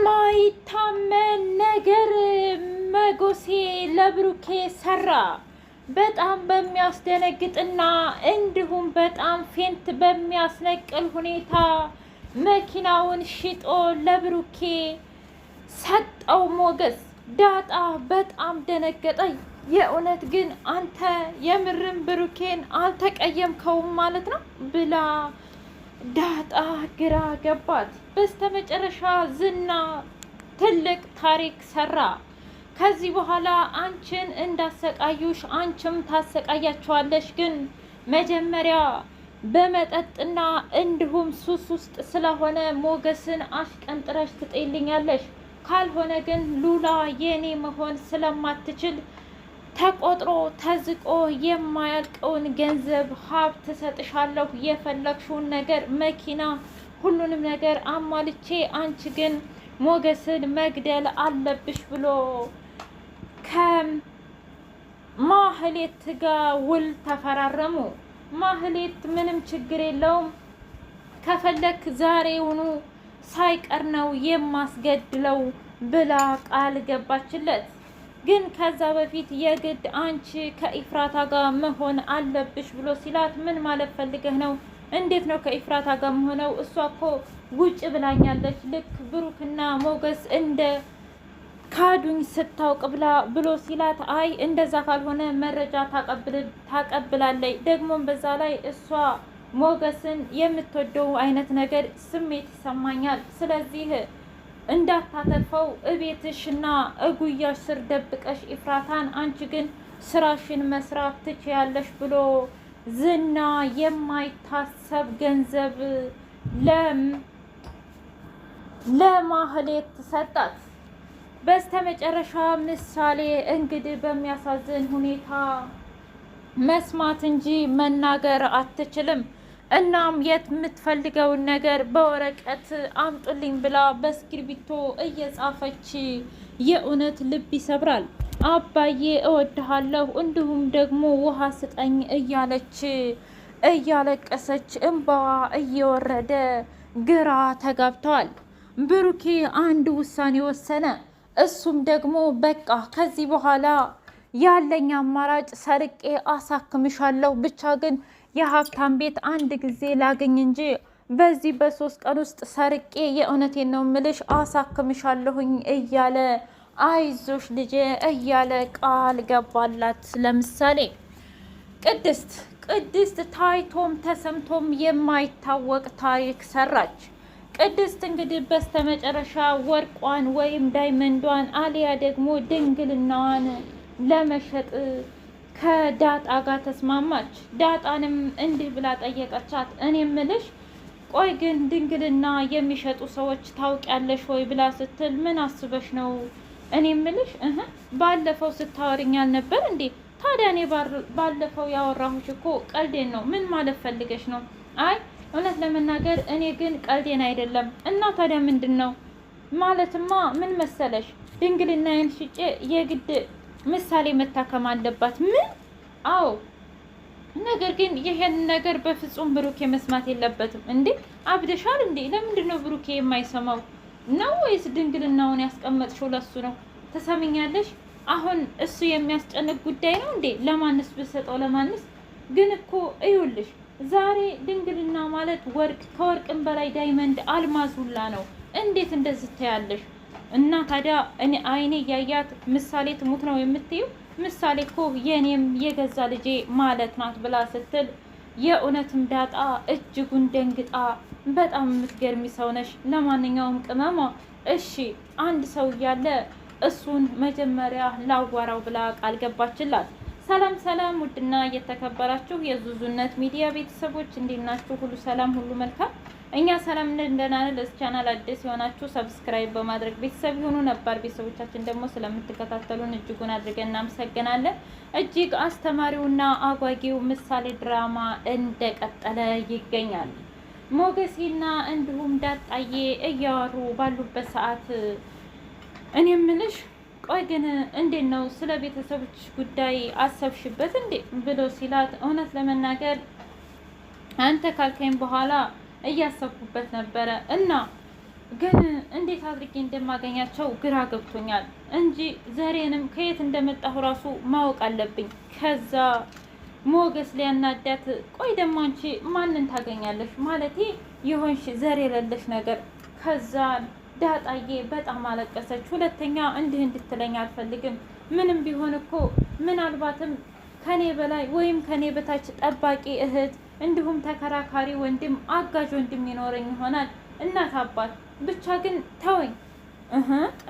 የማይታመን ነገር መጎሴ ለብሩኬ ሰራ። በጣም በሚያስደነግጥና እንዲሁም በጣም ፌንት በሚያስነቅል ሁኔታ መኪናውን ሽጦ ለብሩኬ ሰጠው ሞገስ። ዳጣ በጣም ደነገጠኝ። የእውነት ግን አንተ የምርም ብሩኬን አልተቀየምከውም ማለት ነው ብላ ዳጣ ግራ ገባት። በስተመጨረሻ ዝና ትልቅ ታሪክ ሰራ። ከዚህ በኋላ አንቺን እንዳሰቃዩሽ አንቺም ታሰቃያቸዋለሽ። ግን መጀመሪያ በመጠጥና እንዲሁም ሱስ ውስጥ ስለሆነ ሞገስን አሽቀንጥረሽ ትጤልኛለሽ። ካልሆነ ግን ሉላ የኔ መሆን ስለማትችል ተቆጥሮ ተዝቆ የማያልቀውን ገንዘብ ሀብት እሰጥሻለሁ፣ የፈለግሽውን ነገር መኪና፣ ሁሉንም ነገር አሟልቼ አንቺ ግን ሞገስን መግደል አለብሽ ብሎ ከማህሌት ጋር ውል ተፈራረሙ። ማህሌት ምንም ችግር የለውም ከፈለክ ዛሬውኑ ሳይቀር ነው የማስገድለው ብላ ቃል ገባችለት። ግን ከዛ በፊት የግድ አንቺ ከኢፍራታ ጋር መሆን አለብሽ ብሎ ሲላት ምን ማለት ፈልገህ ነው? እንዴት ነው ከኢፍራታ ጋር መሆነው? እሷ እኮ ውጭ ብላኛለች። ልክ ብሩክና ሞገስ እንደ ካዱኝ ስታውቅ ብላ ብሎ ሲላት፣ አይ እንደዛ ካልሆነ መረጃ ታቀብላለች። ደግሞም በዛ ላይ እሷ ሞገስን የምትወደው አይነት ነገር ስሜት ይሰማኛል። ስለዚህ እንዳታተርፈው እቤትሽ እጉያሽ ስር ደብቀሽ ኢፍራታን፣ አንቺ ግን ስራሽን መስራት ትችያለሽ ብሎ ዝና የማይታሰብ ገንዘብ ለም ለማህሌት ሰጣት። በስተመጨረሻ ምሳሌ እንግዲህ በሚያሳዝን ሁኔታ መስማት እንጂ መናገር አትችልም። እናም የምትፈልገውን ነገር በወረቀት አምጡልኝ ብላ በእስክርቢቶ እየጻፈች የእውነት ልብ ይሰብራል። አባዬ እወድሃለሁ፣ እንዲሁም ደግሞ ውሃ ስጠኝ እያለች እያለቀሰች እንባዋ እየወረደ ግራ ተጋብተዋል። ብሩኬ አንድ ውሳኔ ወሰነ። እሱም ደግሞ በቃ ከዚህ በኋላ ያለኝ አማራጭ ሰርቄ አሳክምሻለሁ ብቻ ግን የሀብታም ቤት አንድ ጊዜ ላገኝ እንጂ በዚህ በሶስት ቀን ውስጥ ሰርቄ የእውነቴን ነው ምልሽ አሳክምሻለሁኝ እያለ አይዞሽ ልጄ እያለ ቃል ገባላት። ለምሳሌ ቅድስት ቅድስት ታይቶም ተሰምቶም የማይታወቅ ታሪክ ሰራች። ቅድስት እንግዲህ በስተመጨረሻ ወርቋን ወይም ዳይመንዷን አሊያ ደግሞ ድንግልናዋን ለመሸጥ ከዳጣ ጋር ተስማማች። ዳጣንም እንዲህ ብላ ጠየቀቻት። እኔ ምልሽ ቆይ ግን ድንግልና የሚሸጡ ሰዎች ታውቂያለሽ ወይ ብላ ስትል ምን አስበሽ ነው? እኔ ምልሽ እ ባለፈው ስታወርኝ አልነበር እንዴ? ታዲያ እኔ ባለፈው ያወራሁሽ እኮ ቀልዴን ነው። ምን ማለት ፈልገሽ ነው? አይ እውነት ለመናገር እኔ ግን ቀልዴን አይደለም። እና ታዲያ ምንድን ነው ማለትማ? ምን መሰለሽ ድንግልናዬን ሽጬ የግድ ምሳሌ መታከም አለባት። ምን? አዎ። ነገር ግን ይሄን ነገር በፍጹም ብሩኬ መስማት የለበትም። እንዴ አብደሻል እንዴ? ለምንድን ነው ብሩኬ የማይሰማው ነው? ወይስ ድንግልናውን ያስቀመጥሽው ለሱ ነው? ትሰምኛለሽ? አሁን እሱ የሚያስጨንቅ ጉዳይ ነው እንዴ? ለማንስ ብሰጠው? ለማንስ ግን እኮ እዩልሽ፣ ዛሬ ድንግልና ማለት ወርቅ ከወርቅም በላይ ዳይመንድ አልማዝ ነው። እንዴት እንደዚህ ትያለሽ? እና ታዲያ እኔ አይኔ እያያት ምሳሌ ትሙት ነው የምትይው? ምሳሌ እኮ የእኔም የገዛ ልጄ ማለት ናት ብላ ስትል የእውነትም ዳጣ እጅጉን ደንግጣ በጣም የምትገርሚ ሰው ነሽ። ለማንኛውም ቅመሟ፣ እሺ አንድ ሰው እያለ እሱን መጀመሪያ ላዋራው ብላ ቃል ገባችላት። ሰላም ሰላም! ውድና እየተከበራችሁ የዙዙነት ሚዲያ ቤተሰቦች እንዴት ናችሁ? ሁሉ ሰላም፣ ሁሉ መልካም እኛ ሰላም ነን፣ ነን። ለዚህ ቻናል አዲስ የሆናችሁ ሰብስክራይብ በማድረግ ቤተሰብ የሆኑ ነባር ቤተሰቦቻችን ደግሞ ስለምትከታተሉን እጅጉን አድርገን እናመሰግናለን። እጅግ አስተማሪውና አጓጊው ምሳሌ ድራማ እንደቀጠለ ይገኛል። ሞገሴና እንዲሁም ዳጣዬ እያወሩ ባሉበት ሰዓት እኔ ምልሽ ቆይ ግን እንዴት ነው ስለ ቤተሰቦች ጉዳይ አሰብሽበት እንዴ? ብሎ ሲላት እውነት ለመናገር አንተ ካልከኝ በኋላ እያሰብኩበት ነበረ እና ግን እንዴት አድርጌ እንደማገኛቸው ግራ ገብቶኛል እንጂ ዘሬንም ከየት እንደመጣሁ ራሱ ማወቅ አለብኝ። ከዛ ሞገስ ሊያናዳት ቆይ ደግሞ አንቺ ማንን ታገኛለሽ? ማለቴ የሆንሽ ዘር የሌለሽ ነገር። ከዛ ዳጣዬ በጣም አለቀሰች። ሁለተኛ እንዲህ እንድትለኝ አልፈልግም። ምንም ቢሆን እኮ ምናልባትም ከኔ በላይ ወይም ከኔ በታች ጠባቂ እህት እንዲሁም ተከራካሪ ወንድም፣ አጋዥ ወንድም ይኖረኝ ይሆናል። እናት አባት ብቻ ግን ተወኝ።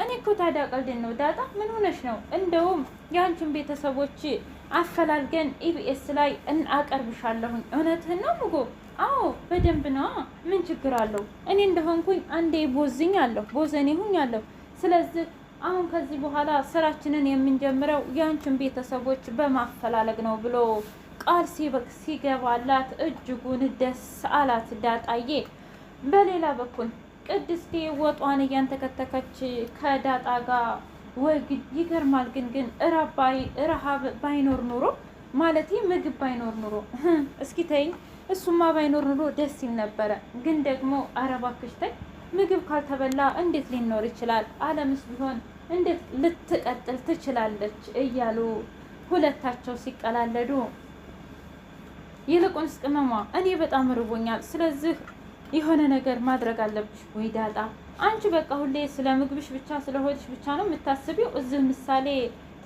እኔ እኮ ታዲያ ቀልድን ነው። ዳጣ ምን ሆነሽ ነው? እንደውም የአንቺን ቤተሰቦች አፈላልገን ኢቢኤስ ላይ እናቀርብሻለሁኝ። እውነትህን ነው ምጎ? አዎ በደንብ ነዋ። ምን ችግር አለው? እኔ እንደሆንኩኝ አንዴ ቦዝኝ አለሁ ቦዘኔ ሁኝ አለሁ። ስለዚህ አሁን ከዚህ በኋላ ስራችንን የምንጀምረው የአንቺን ቤተሰቦች በማፈላለግ ነው ብሎ ቃል ሲገባላት እጅጉን ደስ አላት ዳጣዬ። በሌላ በኩል ቅድስቴ ወጧን እያንተከተከች ከዳጣ ጋር ወግ ይገርማል። ግን ግን ረሃብ ባይኖር ኑሮ ማለት ምግብ ባይኖር ኑሮ እስኪ ተይኝ፣ እሱማ ባይኖር ኑሮ ደስ ይል ነበረ። ግን ደግሞ ኧረ እባክሽ ተይ፣ ምግብ ካልተበላ እንዴት ሊኖር ይችላል? አለምስ ቢሆን እንዴት ልትቀጥል ትችላለች? እያሉ ሁለታቸው ሲቀላለዱ ይልቁንስ ቅመሟ እኔ በጣም ርቦኛል፣ ስለዚህ የሆነ ነገር ማድረግ አለብሽ። ወይ ዳጣ አንቺ በቃ ሁሌ ስለ ምግብሽ ብቻ ስለ ሆድሽ ብቻ ነው የምታስቢው። እዚህ ምሳሌ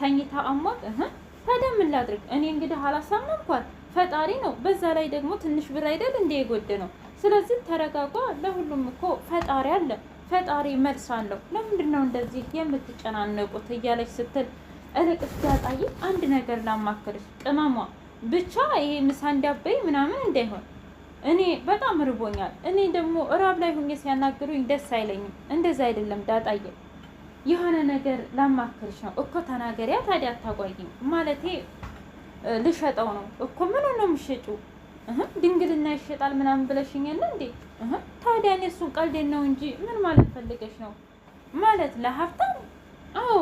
ተኝታ አሟት እ ታዲያ ምን ላድርግ እኔ እንግዲህ አላሳመንኳት ፈጣሪ ነው። በዛ ላይ ደግሞ ትንሽ ብር አይደል እንደ የጎደ ነው። ስለዚህ ተረጋጓ። ለሁሉም እኮ ፈጣሪ አለ፣ ፈጣሪ መልስ አለው። ለምንድን ነው እንደዚህ የምትጨናነቁት? እያለች ስትል እልቅስ ዳጣዬ፣ አንድ ነገር ላማክርሽ ቅመሟ ብቻ ይሄ ምሳ እንዳበይ ምናምን እንዳይሆን እኔ በጣም ርቦኛል። እኔ ደግሞ እራብ ላይ ሁኜ ሲያናግሩኝ ደስ አይለኝም። እንደዛ አይደለም ዳጣዬ፣ የሆነ ነገር ላማክርሽ ነው እኮ ተናገሪያ። ታዲያ አታጓጊም ማለቴ ልሸጠው ነው እኮ። ምን ነው ምሸጩ? ድንግልና ይሸጣል ምናምን ብለሽኛል እንዴ? ታዲያ እኔ እሱን ቀልዴን ነው እንጂ ምን ማለት ፈልገሽ ነው? ማለት ለሀብታም? አዎ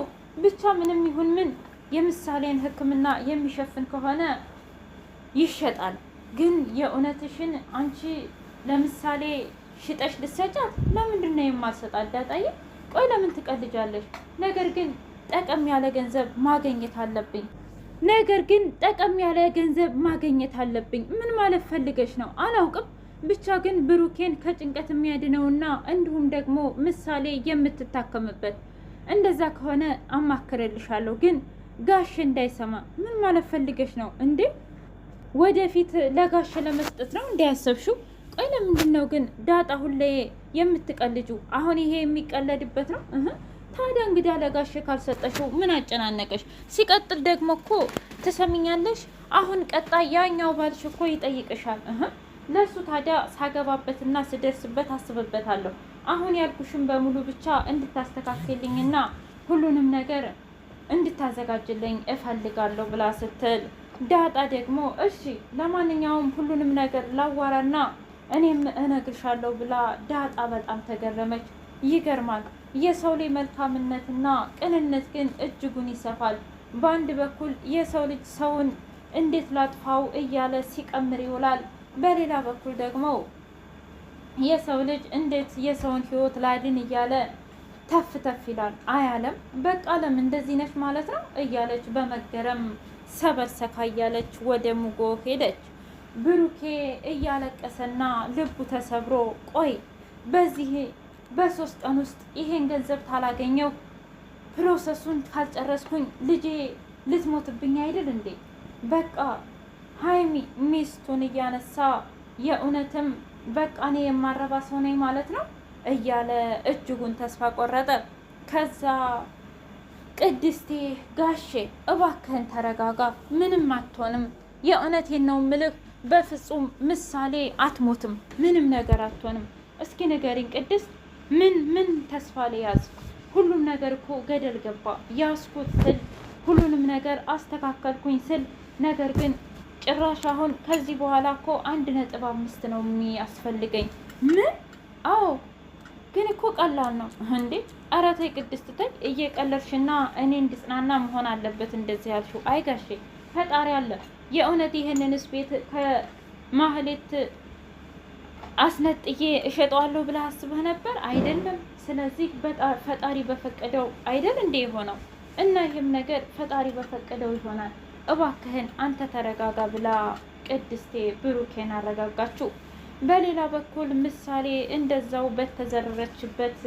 ብቻ ምንም ይሁን ምን የምሳሌን ሕክምና የሚሸፍን ከሆነ ይሸጣል። ግን የእውነትሽን አንቺ ለምሳሌ ሽጠሽ ልሰጫት ለምንድን ነው የማልሰጣት? ዳጣዬ ቆይ ለምን ትቀልጃለሽ? ነገር ግን ጠቀም ያለ ገንዘብ ማገኘት አለብኝ። ነገር ግን ጠቀም ያለ ገንዘብ ማገኘት አለብኝ። ምን ማለት ፈልገሽ ነው አላውቅም። ብቻ ግን ብሩኬን ከጭንቀት የሚያድነውና እንዲሁም ደግሞ ምሳሌ የምትታከምበት እንደዛ ከሆነ አማክረልሻለሁ። ግን ጋሽ እንዳይሰማ ምን ማለት ፈልገሽ ነው እንዴ? ወደፊት ለጋሽ ለመስጠት ነው እንዲያሰብሹ። ቆይ ለምንድን ነው ግን ዳጣ ሁሌ የምትቀልጁ? አሁን ይሄ የሚቀለድበት ነው? ታዲያ እንግዲህ ለጋሽ ካልሰጠሽው ምን አጨናነቀሽ? ሲቀጥል ደግሞ እኮ ትሰምኛለሽ፣ አሁን ቀጣይ ያኛው ባልሽ እኮ ይጠይቅሻል። ለእሱ ታዲያ ሳገባበትና ስደርስበት አስብበታለሁ። አሁን ያልኩሽን በሙሉ ብቻ እንድታስተካክልኝና ሁሉንም ነገር እንድታዘጋጅልኝ እፈልጋለሁ ብላ ስትል ዳጣ ደግሞ እሺ ለማንኛውም ሁሉንም ነገር ላዋራና እኔም እነግርሻለሁ ብላ ዳጣ በጣም ተገረመች። ይገርማል የሰው ላይ መልካምነትና ቅንነት ግን እጅጉን ይሰፋል። በአንድ በኩል የሰው ልጅ ሰውን እንዴት ላጥፋው እያለ ሲቀምር ይውላል። በሌላ በኩል ደግሞ የሰው ልጅ እንዴት የሰውን ሕይወት ላድን እያለ ተፍ ተፍ ይላል። አያለም በቃ እንደዚህ ነች ማለት ነው እያለች በመገረም ሰበር እያለች ወደ ሙጎ ሄደች። ብሩኬ እያለቀሰና ልቡ ተሰብሮ ቆይ በዚህ በሶስት ቀን ውስጥ ይሄን ገንዘብ ታላገኘው ፕሮሰሱን ካልጨረስኩኝ ልጄ ልትሞትብኝ አይደል እንዴ? በቃ ሀይሚ ሚስቱን እያነሳ የእውነትም በቃ እኔ የማረባ ሰው ነኝ ማለት ነው እያለ እጅጉን ተስፋ ቆረጠ። ከዛ ቅድስቴ ጋሼ እባክህን ተረጋጋ፣ ምንም አትሆንም። የእውነቴን ነው ምልህ፣ በፍጹም ምሳሌ አትሞትም፣ ምንም ነገር አትሆንም። እስኪ ንገሪኝ ቅድስት፣ ምን ምን ተስፋ ልያዝ? ሁሉም ነገር እኮ ገደል ገባ። ያስኩት ስል ሁሉንም ነገር አስተካከልኩኝ ስል ነገር ግን ጭራሽ አሁን ከዚህ በኋላ እኮ አንድ ነጥብ አምስት ነው የሚያስፈልገኝ። ምን? አዎ ግን እኮ ቀላል ነው እንዴ! ኧረ ተይ ቅድስት ተይ፣ እየቀለድሽና እኔ እንድጽናና መሆን አለበት እንደዚህ ያልሽው። አይ ጋሼ ፈጣሪ አለ የእውነት ይህንንስ ቤት ከማህሌት አስነጥዬ እሸጠዋለሁ ብለህ አስበህ ነበር አይደለም? ስለዚህ ፈጣሪ በፈቀደው አይደል እንዴ የሆነው እና ይህም ነገር ፈጣሪ በፈቀደው ይሆናል። እባክህን አንተ ተረጋጋ ብላ ቅድስቴ ብሩኬን አረጋጋችሁ። በሌላ በኩል ምሳሌ እንደዛው በተዘረረችበት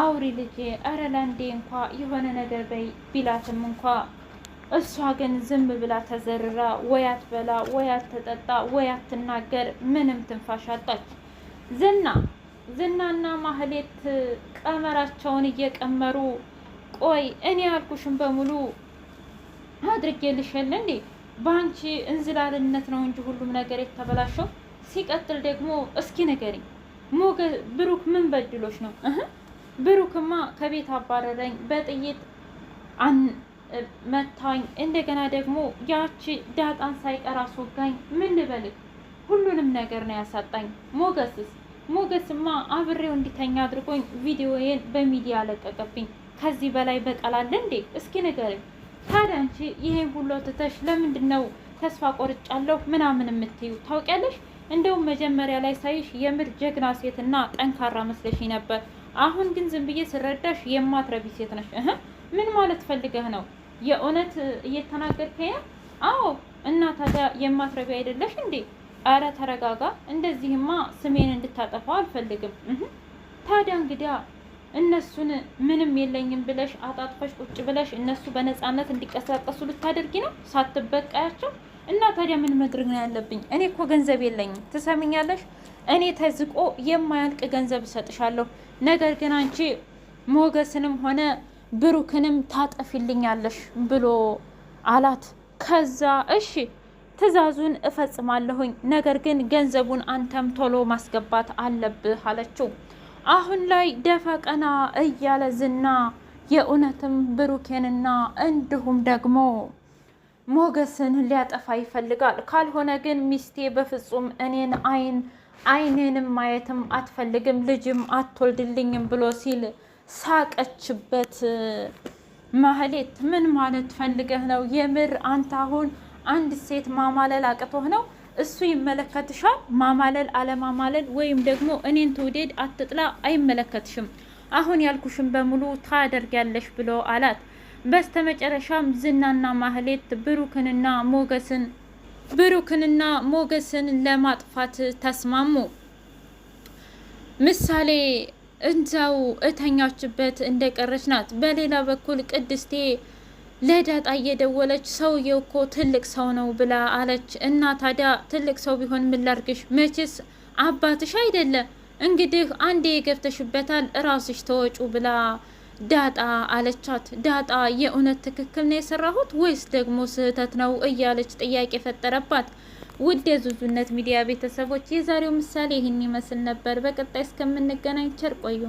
አውሪ ልጄ ኧረ ላንዴ እንኳ የሆነ ነገር በይ ቢላትም እንኳ እሷ ግን ዝም ብላ ተዘርራ ወይ አትበላ ወይ አትጠጣ ወይ አትናገር፣ ምንም ትንፋሽ አጣች። ዝና ዝናና ማህሌት ቀመራቸውን እየቀመሩ ቆይ እኔ ያልኩሽን በሙሉ አድርጌልሽ የለ እንዴ? በአንቺ እንዝላልነት ነው እንጂ ሁሉም ነገር የተበላሸው ሲቀጥል ደግሞ እስኪ ንገሪኝ ሞገ ብሩክ ምን በድሎች ነው? ብሩክማ ከቤት አባረረኝ፣ በጥይት መታኝ፣ እንደገና ደግሞ ያቺ ዳጣን ሳይቀር አስወጋኝ። ምን ልበልህ? ሁሉንም ነገር ነው ያሳጣኝ። ሞገስስ ሞገስማ አብሬው እንዲተኛ አድርጎኝ ቪዲዮዬን በሚዲያ ለቀቀብኝ። ከዚህ በላይ በቀላል እንዴ? እስኪ ንገሪኝ ታዲያ አንቺ ይሄን ሁሉ ትተሽ ለምንድን ነው ተስፋ ቆርጫለሁ ምናምን የምትዩ ታውቂያለሽ? እንደውም መጀመሪያ ላይ ሳይሽ የምር ጀግና ሴትና ጠንካራ መስለሽ ነበር። አሁን ግን ዝም ብዬ ስረዳሽ የማትረቢ ሴት ነሽ። እህ ምን ማለት ፈልገህ ነው? የእውነት እየተናገርከኝ? አዎ። እና ታዲያ የማትረቢ አይደለሽ እንዴ? አረ ተረጋጋ። እንደዚህማ ስሜን እንድታጠፋው አልፈልግም። ታዲያ እንግዲያ እነሱን ምንም የለኝም ብለሽ አጣጥፈሽ ቁጭ ብለሽ እነሱ በነፃነት እንዲቀሳቀሱ ልታደርጊ ነው ሳትበቃያቸው? እና ታዲያ ምን መድረግ ነው ያለብኝ? እኔ እኮ ገንዘብ የለኝም። ትሰምኛለሽ? እኔ ተዝቆ የማያልቅ ገንዘብ እሰጥሻለሁ። ነገር ግን አንቺ ሞገስንም ሆነ ብሩክንም ታጠፊልኛለሽ ብሎ አላት። ከዛ እሺ ትዕዛዙን እፈጽማለሁኝ፣ ነገር ግን ገንዘቡን አንተም ቶሎ ማስገባት አለብህ አለችው። አሁን ላይ ደፈቀና እያለ ዝና የእውነትም ብሩኬንና እንዲሁም ደግሞ ሞገስን ሊያጠፋ ይፈልጋል። ካልሆነ ግን ሚስቴ በፍጹም እኔን አይን አይኔንም ማየትም አትፈልግም ልጅም አትወልድልኝም ብሎ ሲል ሳቀችበት። ማህሌት ምን ማለት ፈልገህ ነው? የምር አንተ አሁን አንድ ሴት ማማለል አቅቶህ ነው? እሱ ይመለከትሻል። ማማለል አለማማለል ወይም ደግሞ እኔን ትውዴድ አትጥላ አይመለከትሽም። አሁን ያልኩሽን በሙሉ ታደርጊያለሽ ብሎ አላት። በስተመጨረሻም ዝናና ማህሌት ብሩክንና ሞገስን ብሩክንና ሞገስን ለማጥፋት ተስማሙ። ምሳሌ እዛው እተኛችበት እንደቀረች ናት። በሌላ በኩል ቅድስቴ ለዳጣ እየደወለች ሰውየው እኮ ትልቅ ሰው ነው ብላ አለች። እና ታዲያ ትልቅ ሰው ቢሆን ምን ላርግሽ? መቼስ አባትሽ አይደለም እንግዲህ አንዴ ገብተሽበታል፣ እራስሽ ተወጩ ብላ ዳጣ አለቻት። ዳጣ የእውነት ትክክል ነው የሰራሁት ወይስ ደግሞ ስህተት ነው እያለች ጥያቄ ፈጠረባት። ውድ የዙዙነት ሚዲያ ቤተሰቦች የዛሬው ምሳሌ ይህን ይመስል ነበር። በቀጣይ እስከምንገናኝ ቸር ቆዩ።